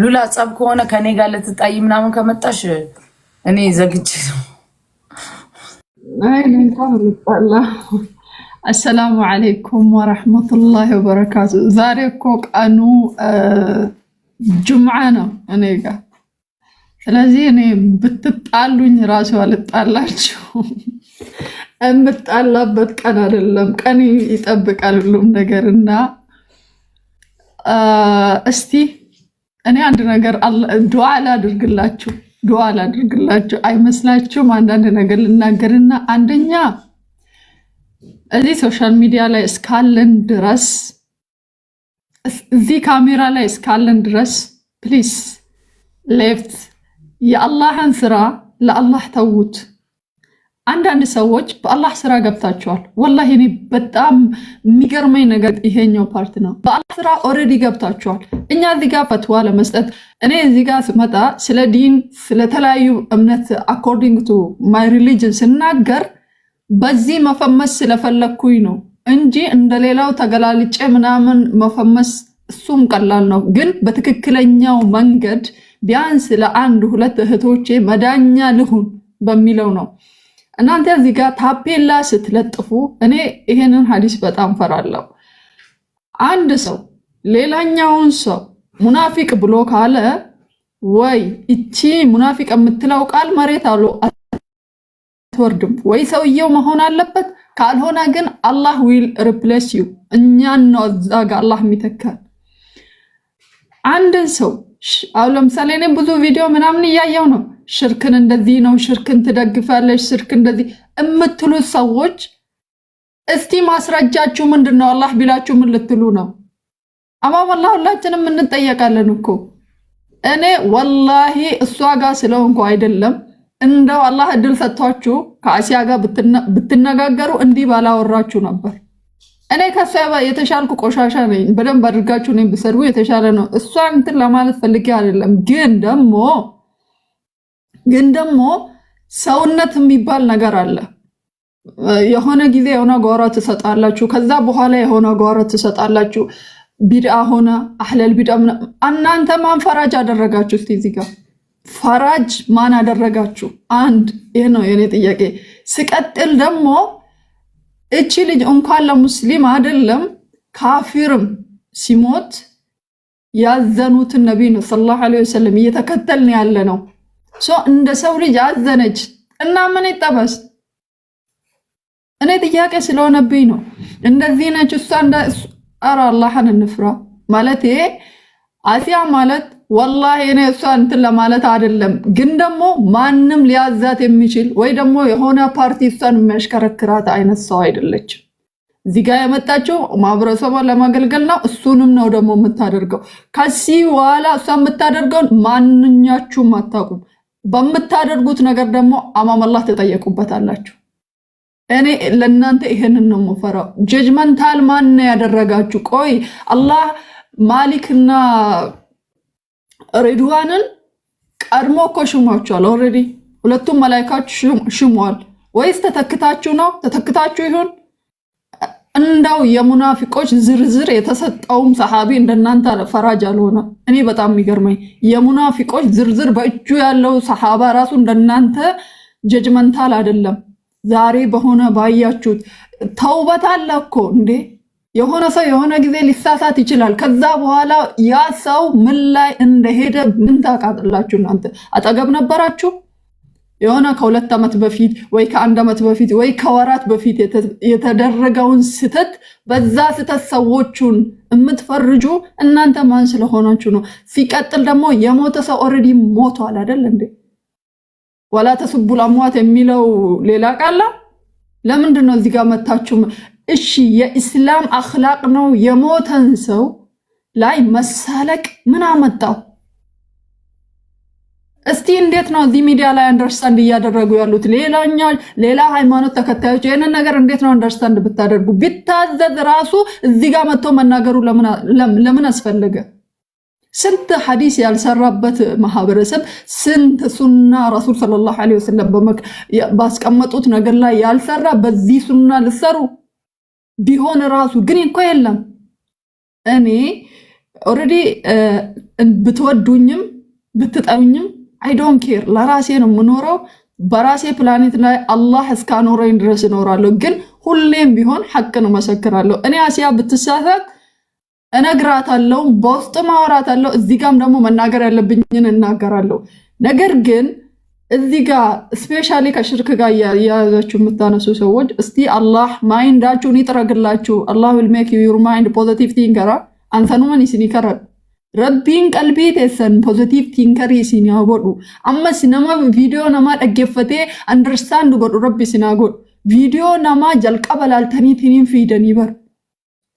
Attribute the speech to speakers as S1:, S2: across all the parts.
S1: ሉላ ጸብ ከሆነ ከኔ ጋር ልትጣይ ምናምን ከመጣሽ እኔ ዘግቼ ነው።
S2: እንኳን ልጣላ። አሰላሙ አለይኩም ወረሕመቱላሂ ወበረካቱ። ዛሬ እኮ ቀኑ ጁምዓ ነው እኔ ጋር። ስለዚህ እኔ ብትጣሉኝ ራሱ አልጣላችሁ የምጣላበት ቀን አይደለም። ቀን ይጠብቃል ሁሉም ነገር እና እስቲ እኔ አንድ ነገር ዱዓ ላድርግላችሁ፣ ዱዓ ላድርግላችሁ። አይመስላችሁም? አንዳንድ ነገር ልናገርና አንደኛ እዚህ ሶሻል ሚዲያ ላይ እስካለን ድረስ እዚህ ካሜራ ላይ እስካለን ድረስ ፕሊስ ሌፍት የአላህን ስራ ለአላህ ተዉት። አንዳንድ ሰዎች በአላህ ስራ ገብታችኋል። ወላሂ እኔ በጣም የሚገርመኝ ነገር ይሄኛው ፓርት ነው። በአላህ ስራ ኦልሬዲ ገብታችኋል። እኛ እዚህ ጋር ፈትዋ ለመስጠት እኔ እዚህ ጋር ስመጣ ስለ ዲን፣ ስለተለያዩ እምነት አኮርዲንግ ቱ ማይ ሪሊጅን ስናገር በዚህ መፈመስ ስለፈለግኩኝ ነው እንጂ እንደሌላው ተገላልጬ ምናምን መፈመስ እሱም ቀላል ነው። ግን በትክክለኛው መንገድ ቢያንስ ለአንድ ሁለት እህቶቼ መዳኛ ልሁን በሚለው ነው እናንተ እዚህ ጋር ታፔላ ስትለጥፉ እኔ ይሄንን ሀዲስ በጣም ፈራለሁ። አንድ ሰው ሌላኛውን ሰው ሙናፊቅ ብሎ ካለ ወይ እቺ ሙናፊቅ የምትለው ቃል መሬት አሉ አትወርድም፣ ወይ ሰውየው መሆን አለበት። ካልሆነ ግን አላህ ዊል ሪፕሌስ ዩ እኛን ነው እዛ ጋር አላህ የሚተካል አንድን ሰው አሁን ለምሳሌ እኔ ብዙ ቪዲዮ ምናምን እያየው ነው። ሽርክን እንደዚህ ነው፣ ሽርክን ትደግፋለች፣ ሽርክ እንደዚህ የምትሉ ሰዎች እስቲ ማስረጃችሁ ምንድን ነው? አላህ ቢላችሁ ምን ልትሉ ነው? አማ ወላ ሁላችንም እንጠየቃለን እኮ እኔ ወላሂ እሷ ጋር ስለሆንኩ አይደለም እንደው አላህ እድል ሰጥቷችሁ ከአሲያ ጋር ብትነጋገሩ እንዲህ ባላወራችሁ ነበር። እኔ ከሷ የተሻልኩ ቆሻሻ ነኝ። በደንብ አድርጋችሁ ነው ብትሰድቡ የተሻለ ነው። እሷ እንትን ለማለት ፈልጌ አይደለም። ግን ደግሞ ግን ደግሞ ሰውነት የሚባል ነገር አለ። የሆነ ጊዜ የሆነ ጓሮ ትሰጣላችሁ፣ ከዛ በኋላ የሆነ ጓሮ ትሰጣላችሁ። ቢድአ ሆነ አህለል ቢድአ እናንተ ማን ፈራጅ አደረጋችሁ? እስቲ እዚህ ጋር ፈራጅ ማን አደረጋችሁ? አንድ ይህ ነው የኔ ጥያቄ። ስቀጥል ደግሞ እቺ ልጅ እንኳን ለሙስሊም አይደለም ካፊርም ሲሞት ያዘኑትን ነቢይ ነው ሰለላሁ ዐለይሂ ወሰለም እየተከተልን ያለ ነው። እንደ ሰው ልጅ አዘነች እና ምን ይጠበስ? እኔ ጥያቄ ስለሆነብኝ ነው። እንደዚህ ነች እሷ። እንደ አረ አላህን እንፍራ ማለት ይሄ አሲያ ማለት ወላሂ እኔ እሷ እንትን ለማለት አይደለም፣ ግን ደግሞ ማንም ሊያዛት የሚችል ወይ ደግሞ የሆነ ፓርቲ እሷን የሚያሽከረክራት አይነት ሰው አይደለችም። እዚህ ጋር የመጣችው ማህበረሰቧን ለማገልገል ነው። እሱንም ነው ደግሞ የምታደርገው። ከዚህ በኋላ እሷ የምታደርገውን ማንኛችሁም አታውቁም። በምታደርጉት ነገር ደግሞ አማመላህ ትጠየቁበታላችሁ። እኔ ለእናንተ ይህንን ነው የምፈራው። ጀጅመንታል ማን ያደረጋችሁ? ቆይ አላህ ማሊክና ሬድዋንን ቀድሞ እኮ ሽሟቸዋል። ኦልሬዲ ሁለቱም መላይካዎች ሽሟል። ወይስ ተተክታችሁ ነው? ተተክታችሁ ይሁን እንዳው የሙናፊቆች ዝርዝር የተሰጠውም ሰሓቢ እንደናንተ ፈራጅ አልሆነ። እኔ በጣም የሚገርመኝ የሙናፊቆች ዝርዝር በእጁ ያለው ሰሓባ ራሱ እንደናንተ ጀጅመንታል አይደለም። ዛሬ በሆነ ባያችሁት ተውበት አለ እኮ እንዴ የሆነ ሰው የሆነ ጊዜ ሊሳሳት ይችላል። ከዛ በኋላ ያ ሰው ምን ላይ እንደሄደ ምን ታውቃላችሁ እናንተ? አጠገብ ነበራችሁ? የሆነ ከሁለት ዓመት በፊት ወይ ከአንድ ዓመት በፊት ወይ ከወራት በፊት የተደረገውን ስህተት በዛ ስህተት ሰዎቹን የምትፈርጁ እናንተ ማን ስለሆናችሁ ነው? ሲቀጥል ደግሞ የሞተ ሰው ኦልሬዲ ሞቷል አይደል እንዴ? ወላ አሟት የሚለው ሌላ ቃላ ለምንድን ነው እዚህ ጋር መታችሁ? እሺ የኢስላም አኽላቅ ነው። የሞተን ሰው ላይ መሳለቅ ምን አመጣው? እስቲ እንዴት ነው እዚህ ሚዲያ ላይ አንደርስታንድ እያደረጉ ያሉት? ሌላኛ ሌላ ሃይማኖት ተከታዮች ይህንን ነገር እንዴት ነው አንደርስታንድ ብታደርጉ? ቢታዘዝ ራሱ እዚህ ጋር መጥቶ መናገሩ ለምን አስፈለገ? ስንት ሐዲስ ያልሰራበት ማህበረሰብ፣ ስንት ሱና ረሱል ሰለላሁ ዐለይሂ ወሰለም ባስቀመጡት ነገር ላይ ያልሰራ በዚህ ሱና ልሰሩ ቢሆን ራሱ ግን እኮ የለም። እኔ ኦልሬዲ ብትወዱኝም ብትጠውኝም አይዶን ኬር ለራሴ ነው የምኖረው። በራሴ ፕላኔት ላይ አላህ እስካኖረኝ ድረስ እኖራለሁ። ግን ሁሌም ቢሆን ሐቅን መሰክራለሁ እኔ አሲያ ብትሳሳት እነግራታለሁ፣ በውስጥ ማወራታለሁ፣ እዚህ ጋም ደግሞ መናገር ያለብኝን እናገራለሁ። ነገር ግን እዚህ ጋር ስፔሻሊ ከሽርክ ጋር እያያዛችሁ የምታነሱ ሰዎች እስቲ አላህ ማይንዳችሁን ይጥረግላችሁ። አላህ ዊል ሜክ ዩር ማይንድ ፖዘቲቭ ቲንከራ አንሰኑመን ይስኒከረ ረቢን ቀልቢ ተሰን ፖዘቲቭ ቲንከር ይስኒያ ያጎዱ አመስ ነማ ቪዲዮ ነማ ደገፈቴ አንደርስታንድ ጎዱ ረቢ ሲናጎድ ቪዲዮ ነማ ጀልቀበላልተኒ ትኒን ፊደን ይበር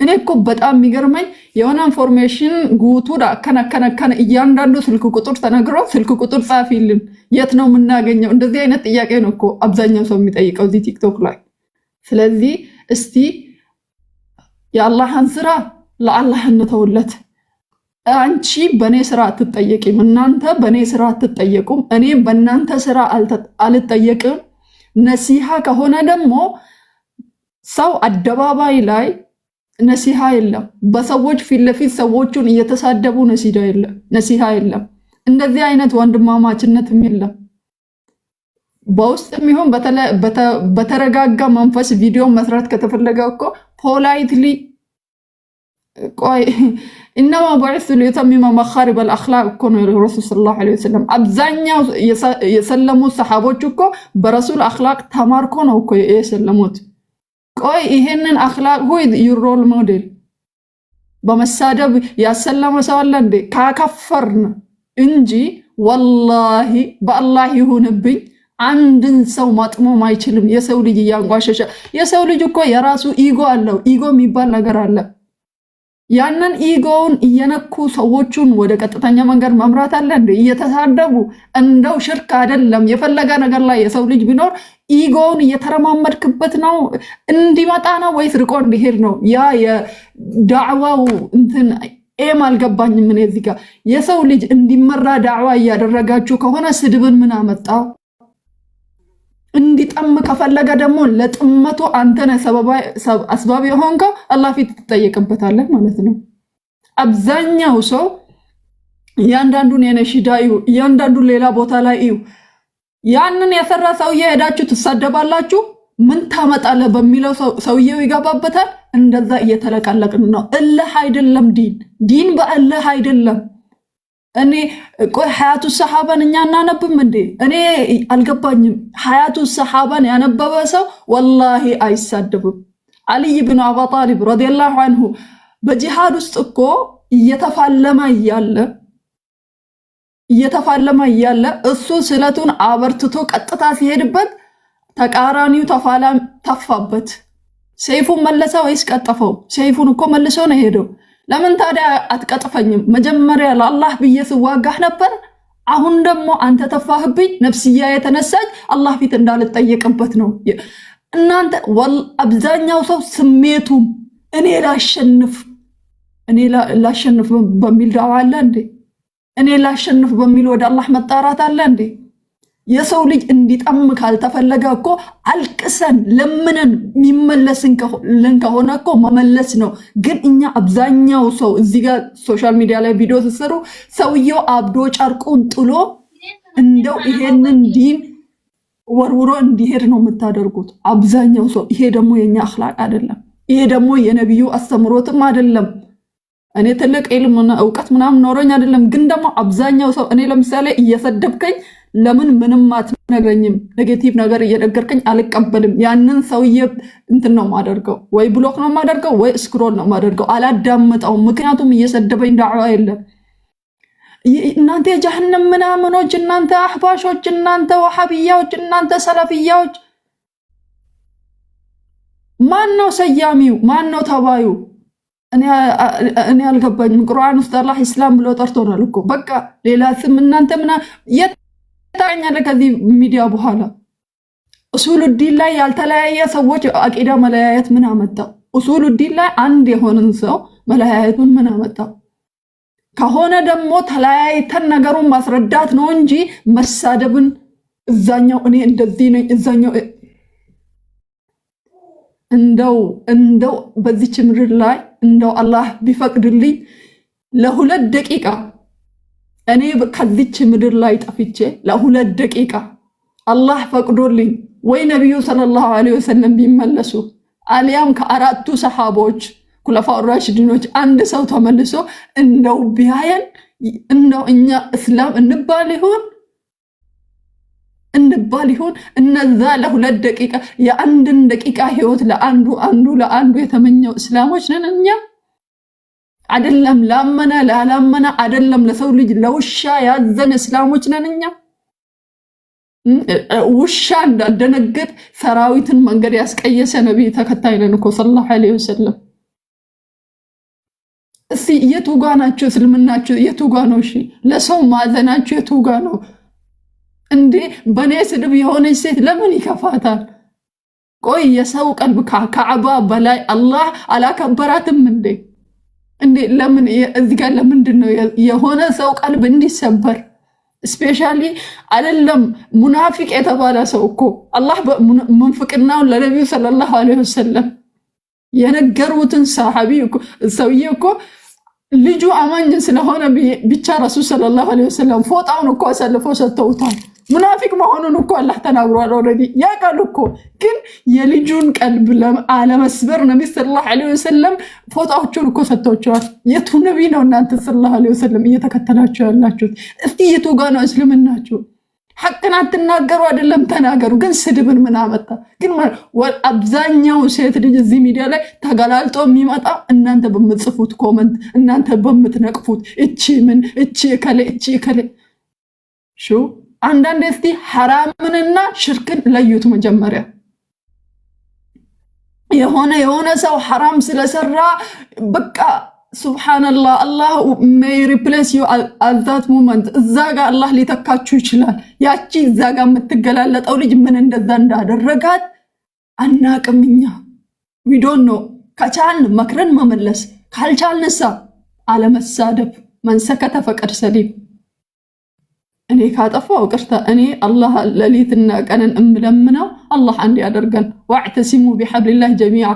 S2: እኔ እኮ በጣም የሚገርመኝ የሆነ ኢንፎርሜሽን ጉቱ ከነከነከነ እያንዳንዱ ስልክ ቁጥር ተነግሮ ስልክ ቁጥር ጻፊልን፣ የት ነው የምናገኘው? እንደዚህ አይነት ጥያቄ ነው እኮ አብዛኛው ሰው የሚጠይቀው እዚህ ቲክቶክ ላይ። ስለዚህ እስቲ የአላህን ስራ ለአላህ እንተውለት። አንቺ በእኔ ስራ አትጠየቂም፣ እናንተ በእኔ ስራ አትጠየቁም፣ እኔም በእናንተ ስራ አልጠየቅም። ነሲሃ ከሆነ ደግሞ ሰው አደባባይ ላይ ነሲሃ የለም። በሰዎች ፊት ለፊት ሰዎቹን እየተሳደቡ ነሲዳ የለም፣ ነሲሃ የለም። እንደዚህ አይነት ወንድማማችነትም የለም። በውስጥ የሚሆን በተረጋጋ መንፈስ ቪዲዮ መስራት ከተፈለገ እኮ ፖላይትሊ ቆይ እነማ በዕሱ ሊተሚመ መኻሪበ አልአኽላቅ እኮ ነው ረሱል ሰለላሁ ዐለይሂ ወሰለም። አብዛኛው የሰለሙት ሰሓቦች እኮ በረሱል አኽላቅ ተማርኮ ነው እኮ የሰለሙት። ቆይ ይሄንን አክላቅ ሁይ ዩሮል ሞዴል በመሳደብ ያሰለመ ሰው አለ እንዴ? ካከፈርን እንጂ ወላሂ በአላህ ይሁንብኝ አንድን ሰው ማጥሞም አይችልም። የሰው ልጅ እያንጓሸሸ የሰው ልጅ እኮ የራሱ ኢጎ አለው። ኢጎ የሚባል ነገር አለ። ያንን ኢጎውን እየነኩ ሰዎቹን ወደ ቀጥተኛ መንገድ መምራት አለ እንደ እየተሳደቡ እንደው ሽርክ አይደለም። የፈለገ ነገር ላይ የሰው ልጅ ቢኖር ኢጎውን እየተረማመድክበት ነው እንዲመጣ ነው ወይስ ርቆ እንዲሄድ ነው? ያ የዳዕዋው እንትን ኤም አልገባኝም። ምን እዚህ የሰው ልጅ እንዲመራ ዳዕዋ እያደረጋችሁ ከሆነ ስድብን ምን አመጣው? እንዲጠም ከፈለገ ደግሞ ለጥመቱ አንተነ አስባብ የሆንከ አላህ ፊት ትጠየቅበታለህ ማለት ነው። አብዛኛው ሰው እያንዳንዱን የነሽዳ እዩ፣ እያንዳንዱን ሌላ ቦታ ላይ እዩ። ያንን የሰራ ሰውዬ ሄዳችሁ ትሳደባላችሁ። ምን ታመጣለህ በሚለው ሰውዬው ይገባበታል። እንደዛ እየተለቀለቅን ነው። እልህ አይደለም ዲን ዲን በእልህ አይደለም። እኔ ቆይ ሀያቱ ሰሓባን እኛ እናነብም እንዴ? እኔ አልገባኝም። ሀያቱ ሰሓባን ያነበበ ሰው ወላሂ አይሳደብም። አልይ ብኑ አባ ጣሊብ ረዲየላሁ አንሁ በጂሃድ ውስጥ እኮ እየተፋለመ እያለ እየተፋለመ እያለ እሱ ስለቱን አበርትቶ ቀጥታ ሲሄድበት ተቃራኒው ተፋላም ተፋበት። ሰይፉን መለሰ ወይስ ቀጠፈው? ሰይፉን እኮ መልሶ ነው የሄደው። ለምን ታዲያ አትቀጥፈኝም? መጀመሪያ ለአላህ ብዬ ስዋጋህ ነበር። አሁን ደግሞ አንተ ተፋህብኝ። ነፍስያ የተነሳች አላህ ፊት እንዳልጠየቅበት ነው። እናንተ አብዛኛው ሰው ስሜቱም እኔ ላሸንፍ እኔ ላሸንፍ በሚል ዳዋ አለ እንዴ? እኔ ላሸንፍ በሚል ወደ አላህ መጣራት አለ እንዴ? የሰው ልጅ እንዲጠም ካልተፈለገ እኮ አልቅሰን ለምንን የሚመለስልን ከሆነ እኮ መመለስ ነው። ግን እኛ አብዛኛው ሰው እዚህ ጋር ሶሻል ሚዲያ ላይ ቪዲዮ ስሰሩ ሰውየው አብዶ ጨርቁን ጥሎ እንደው ይሄንን ዲን ወርውሮ እንዲሄድ ነው የምታደርጉት አብዛኛው ሰው። ይሄ ደግሞ የኛ አክላቅ አይደለም። ይሄ ደግሞ የነቢዩ አስተምሮትም አይደለም። እኔ ትልቅ ልም እውቀት ምናምን ኖረኝ አይደለም። ግን ደግሞ አብዛኛው ሰው እኔ ለምሳሌ እየሰደብከኝ ለምን ምንም አትነግረኝም? ኔጌቲቭ ነገር እየነገርከኝ አልቀበልም። ያንን ሰውዬ እንትን ነው ማደርገው፣ ወይ ብሎክ ነው ማደርገው፣ ወይ ስክሮል ነው ማደርገው። አላዳምጠውም፣ ምክንያቱም እየሰደበኝ ዳዕዋ የለም። እናንተ የጀሃነም ምናምኖች፣ እናንተ አህባሾች፣ እናንተ ወሃብያዎች፣ እናንተ ሰለፍያዎች፣ ማን ነው ሰያሚው? ማን ነው ተባዩ? እኔ አልገባኝም። ቁርአን ውስጥ አላህ ኢስላም ብሎ ጠርቶናል እኮ በቃ ሌላ ስም እናንተ ምና የት ታኛለህ። ከዚህ ሚዲያ በኋላ ዲን ላይ ያልተለያየ ሰዎች አቂዳ መለያየት ምን አመጣ? ኡሱሉ ዲን ላይ አንድ የሆነን ሰው መለያየቱን ምን አመጣ? ከሆነ ደግሞ ተለያይተን ነገሩን ማስረዳት ነው እንጂ መሳደብን እዛኛው እኔ እንደዚህ ነኝ እዛኛው እንደው እንደው በዚች ምድር ላይ እንደው አላህ ቢፈቅድልኝ ለሁለት ደቂቃ እኔ ከዚች ምድር ላይ ጠፍቼ ለሁለት ደቂቃ አላህ ፈቅዶልኝ ወይ ነቢዩ ሰለላሁ ዐለይሂ ወሰለም ቢመለሱ አሊያም ከአራቱ ሰሓቦች ኩለፋ ራሽድኖች አንድ ሰው ተመልሶ እንደው ቢያየን እንደው እኛ እስላም እንባል ይሆን እንባል ይሆን? እነዛ ለሁለት ደቂቃ የአንድን ደቂቃ ህይወት ለአንዱ አንዱ ለአንዱ የተመኘው እስላሞች ነን እኛ። አደለም ላመነ ላላመነ አደለም ለሰው ልጅ ለውሻ ያዘን እስላሞች ነን እኛ። ውሻ እንዳደነገጥ ሰራዊትን መንገድ ያስቀየሰ ነቢይ ተከታይ ነን እኮ ሰለላሁ ዐለይሂ ወሰለም። እስቲ የቱጋ ናቸው እስልምናቸው? የቱጋ ነው? እሺ ለሰው ማዘናቸው የቱጋ ነው? እንዴ በእኔ ስድብ የሆነች ሴት ለምን ይከፋታል? ቆይ የሰው ቀልብ ከካዕባ በላይ አላህ አላከበራትም እንዴ? እንዴ ለምን እዚህ ጋር ለምንድን ነው የሆነ ሰው ቀልብ እንዲሰበር ስፔሻሊ አይደለም ሙናፊቅ የተባለ ሰው እኮ አላህ ሙንፍቅናውን ለነቢዩ ሰለላሁ ዐለይሂ ወሰለም የነገሩትን ሰሓቢ ሰውዬ እኮ ልጁ አማኝን ስለሆነ ብቻ ረሱል ሰለላሁ ዐለይሂ ወሰለም ፎጣውን እኮ አሳልፎ ሰጥተውታል። ሙናፊቅ መሆኑን እኮ አላህ ተናግሯል። ኦልሬዲ ያውቃሉ እኮ ግን የልጁን ቀልብ አለመስበር ነቢ ሰለላሁ ዐለይሂ ወሰለም ፎጣዎቹን እኮ ሰጥተዋቸዋል። የቱ ነቢ ነው እናንተ ሰለላሁ ዐለይሂ ወሰለም እየተከተላቸው ያላችሁት? እስቲ የቱ ጋ ነው እስልምናችሁ? ሐቅን አትናገሩ አይደለም ተናገሩ። ግን ስድብን ምን አመጣ? ግን አብዛኛው ሴት ልጅ እዚህ ሚዲያ ላይ ተገላልጦ የሚመጣ እናንተ በምትጽፉት ኮመንት፣ እናንተ በምትነቅፉት እቺ ምን እቺ ከሌ እቺ ከሌ አንዳንድ እስቲ ሐራምንና ሽርክን ለዩት። መጀመሪያ የሆነ የሆነ ሰው ሐራም ስለሰራ በቃ ሱብሓነላህ አላህ ሜይ ሪፕሌስ ዩ አዛት ሙመንት እዛ ጋር አላህ ሊተካችሁ ይችላል። ያቺ እዛ ጋር የምትገላለጠው ልጅ ምን እንደዛ እንዳደረጋት አናቅም እኛ ዊዶን ነው። ከቻልን መክረን መመለስ፣ ካልቻልንሳ አለመሳደብ። መንሰከተ ፈቀድ ሰሊም እኔ ካጠፋው ቅርታ እኔ አላህ ለሊትና ቀንን እምለምነው አላህ አንድ ያደርገን። ዋዕተሲሙ ቢሐብሊላህ ጀሚዓ።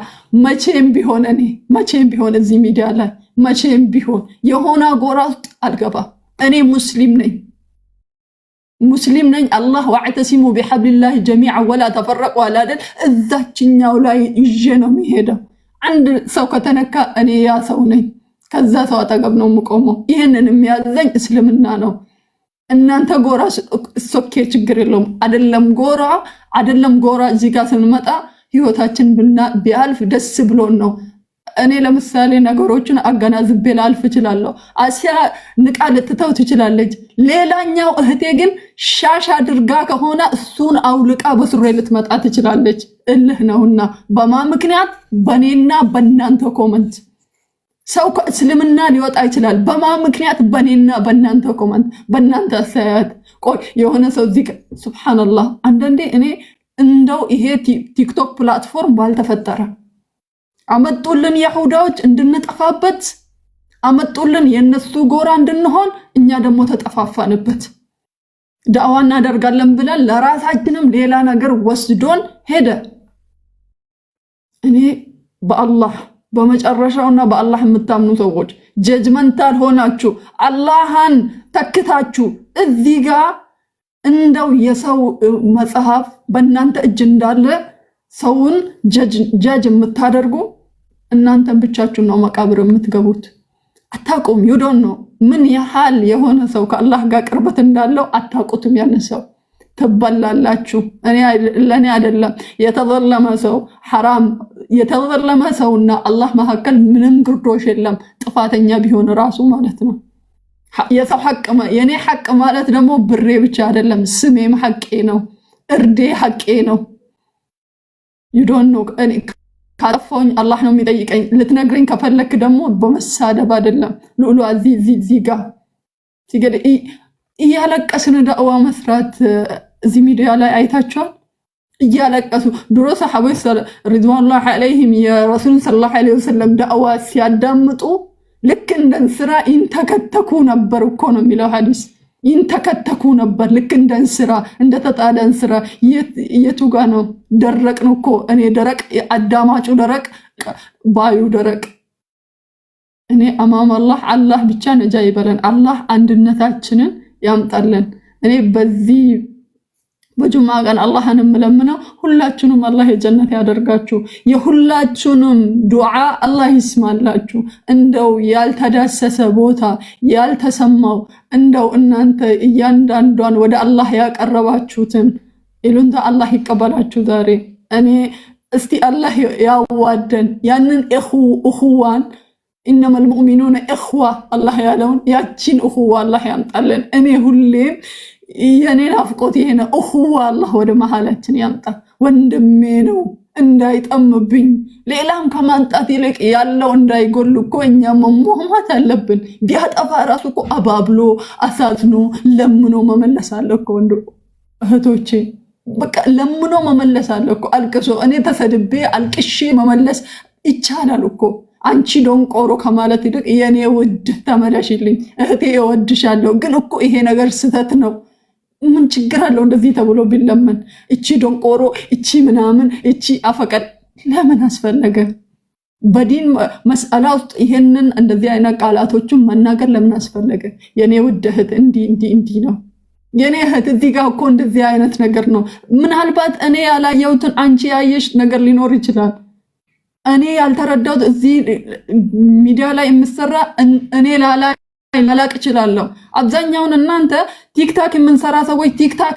S2: መቼም ቢሆን እኔ መቼም ቢሆን እዚህ ሚዲያ ላይ መቼም ቢሆን የሆነ ጎራ ውስጥ አልገባም። እኔ ሙስሊም ነኝ፣ ሙስሊም ነኝ። አላህ ዋዕተሲሙ ቢሐብሊላህ ጀሚዓ ወላ ተፈረቁ አላደል። እዛችኛው ላይ ይዤ ነው የሚሄደው። አንድ ሰው ከተነካ እኔ ያ ሰው ነኝ፣ ከዛ ሰው አጠገብ ነው የምቆመው። ይህንን የሚያዘኝ እስልምና ነው። እናንተ ጎራ እሶኬ ችግር የለውም። አደለም ጎራ አደለም ጎራ እዚህ ጋር ስንመጣ ህይወታችን ቢያልፍ ደስ ብሎን ነው። እኔ ለምሳሌ ነገሮችን አገናዝቤ ላልፍ እችላለሁ። አሲያ ንቃ ልትተው ትችላለች። ሌላኛው እህቴ ግን ሻሽ አድርጋ ከሆነ እሱን አውልቃ በሱሬ ልትመጣ ትችላለች። እልህ ነውና በማ ምክንያት በእኔና በእናንተ ኮመንት ሰው እስልምና ሊወጣ ይችላል። በማ ምክንያት? በኔና በእናንተ ኮመንት፣ በእናንተ አስተያየት። ቆይ የሆነ ሰው እዚህ ሱብሓነላህ። አንዳንዴ እኔ እንደው ይሄ ቲክቶክ ፕላትፎርም ባልተፈጠረ አመጡልን የሁዳዎች እንድንጠፋበት አመጡልን፣ የእነሱ ጎራ እንድንሆን፣ እኛ ደግሞ ተጠፋፋንበት። ዳዋ እናደርጋለን ብለን ለራሳችንም ሌላ ነገር ወስዶን ሄደ። እኔ በአላህ በመጨረሻው እና በአላህ የምታምኑ ሰዎች ጀጅመንታል ሆናችሁ አላህን ተክታችሁ እዚህ ጋር እንደው የሰው መጽሐፍ በእናንተ እጅ እንዳለ ሰውን ጀጅ የምታደርጉ እናንተን ብቻችሁ ነው መቃብር የምትገቡት። አታቁም። ዩዶን ነው ምን ያህል የሆነ ሰው ከአላህ ጋር ቅርበት እንዳለው አታቁትም። ያንን ሰው ትባላላችሁ ለእኔ አይደለም። የተዘለመ ሰው ሐራም የተዘለመ ሰውና አላህ መካከል ምንም ግርዶሽ የለም። ጥፋተኛ ቢሆን ራሱ ማለት ነው። የሰው ሐቅ የእኔ ሐቅ ማለት ደግሞ ብሬ ብቻ አይደለም። ስሜም ሐቄ ነው። እርዴ ሐቄ ነው። ይዶን ነው አላህ ነው የሚጠይቀኝ። ልትነግረኝ ከፈለክ ደግሞ በመሳደብ አይደለም። ልዑሉ ዚ ዚ እያለቀስን ዳዕዋ መስራት እዚህ ሚዲያ ላይ አይታችኋል። እያለቀሱ ድሮ ሰሓቦች ሪድዋኑላሂ ዓለይሂም የረሱሉን ሰለላሁ ዓለይሂ ወሰለም ዳዕዋ ሲያዳምጡ ልክ እንደ እንስራ ይንተከተኩ ነበር እኮ ነው የሚለው ሐዲስ። ይንተከተኩ ነበር ልክ እንደ እንስራ፣ እንደተጣለ እንስራ። የቱ ጋ ነው ደረቅ ነው እኮ እኔ ደረቅ፣ አዳማጩ ደረቅ፣ ባዩ ደረቅ። እኔ አማም አላህ አላህ ብቻ ነጃ ይበለን። አላህ አንድነታችንን ያምጣለን። እኔ በዚህ በጁማ ቀን አላህን የምለምነው ሁላችሁንም አላህ የጀነት ያደርጋችሁ፣ የሁላችሁንም ዱዓ አላህ ይስማላችሁ። እንደው ያልተዳሰሰ ቦታ ያልተሰማው እንደው እናንተ እያንዳንዷን ወደ አላህ ያቀረባችሁትን ይሉንታ አላህ ይቀበላችሁ። ዛሬ እኔ እስቲ አላህ ያዋደን ያንን እኹዋን ኢነመል ሙእሚኑነ እኽዋ አላህ ያለውን ያቺን እኹዋ አላህ ያምጣልን። እኔ ሁሌም የኔ ናፍቆት ይሄ ነው። እሁ አላህ ወደ መሀላችን ያምጣ። ወንድሜ ነው እንዳይጠምብኝ፣ ሌላም ከማንጣት ይልቅ ያለው እንዳይጎል እኮ እኛ መሟሟት አለብን። ቢያጠፋ ራሱ እኮ አባብሎ አሳዝኖ ለምኖ መመለስ አለ እኮ ወንድ እህቶቼ፣ በቃ ለምኖ መመለስ አለ እኮ አልቅሶ። እኔ ተሰድቤ አልቅሼ መመለስ ይቻላል እኮ አንቺ ደንቆሮ ከማለት ይልቅ የእኔ ውድ ተመለሽልኝ፣ እህቴ እወድሻለሁ። ግን እኮ ይሄ ነገር ስተት ነው። ምን ችግር አለው እንደዚህ ተብሎ ቢለመን? እቺ ደንቆሮ፣ እቺ ምናምን፣ እቺ አፈቀድ ለምን አስፈለገ? በዲን መስአላ ውስጥ ይሄንን እንደዚህ አይነት ቃላቶችን መናገር ለምን አስፈለገ? የኔ ውድ እህት እንዲህ እንዲ ነው የኔ እህት እዚህ ጋር እኮ እንደዚህ አይነት ነገር ነው። ምናልባት እኔ ያላየሁትን አንቺ ያየሽ ነገር ሊኖር ይችላል። እኔ ያልተረዳሁት እዚህ ሚዲያ ላይ የምሰራ እኔ ላላ መላቅ እችላለሁ። አብዛኛውን እናንተ ቲክታክ የምንሰራ ሰዎች ቲክታክ